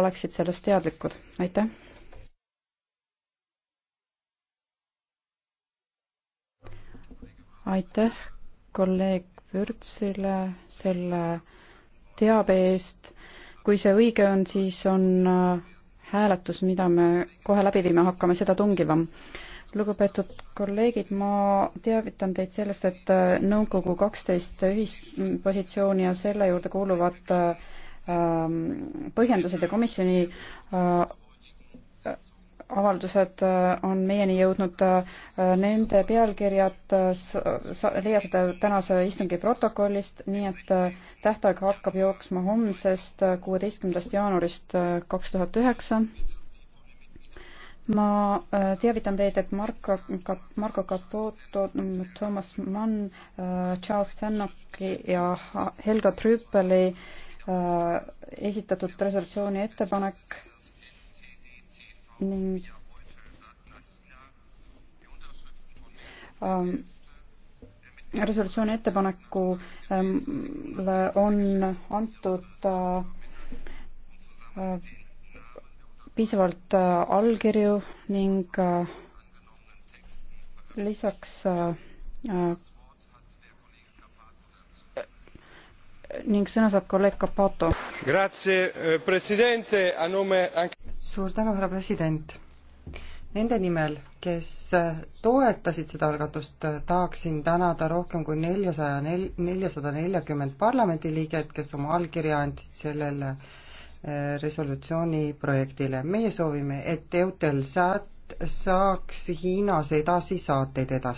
oleksid sellest teadlikud, aitäh. aitäh kolleeg Vürtsile selle teabe eest. kui see õige on, siis on äh, hääletus, mida me kohe läbi viima hakkame, seda tungivam. lugupeetud kolleegid, ma teavitan teid sellest, et äh, nõukogu kaksteist ühispositsiooni ja selle juurde kuuluvad äh, Ähm, põhjendused ja komisjoni äh, avaldused äh, on meieni jõudnud, äh, nende pealkirjad leiate tänase istungi protokollist, nii et tähtaeg hakkab jooksma homsest, kuueteistkümnendast jaanuarist kaks tuhat üheksa. ma teavitan teid, et Marko, Marko Capoto, Thomas Mann, Charles Tannoki ja Helga Trüppeli Äh, esitatud resolutsiooni ettepanek ning ähm, resolutsiooni ettepanekule ähm, on antud äh, äh, piisavalt allkirju ning lisaks ning sõna saab kolleeg Capato. Eh, suur tänu, härra president. Nende nimel, kes eh, toetasid seda algatust, eh, tahaksin tänada rohkem kui neljasaja nel-, neljasada neljakümmend parlamendiliiget, kes oma allkirja andsid sellele resolutsiooni projektile. meie soovime, et EUTELSAT saaks Hiinas edasi saateid edastada.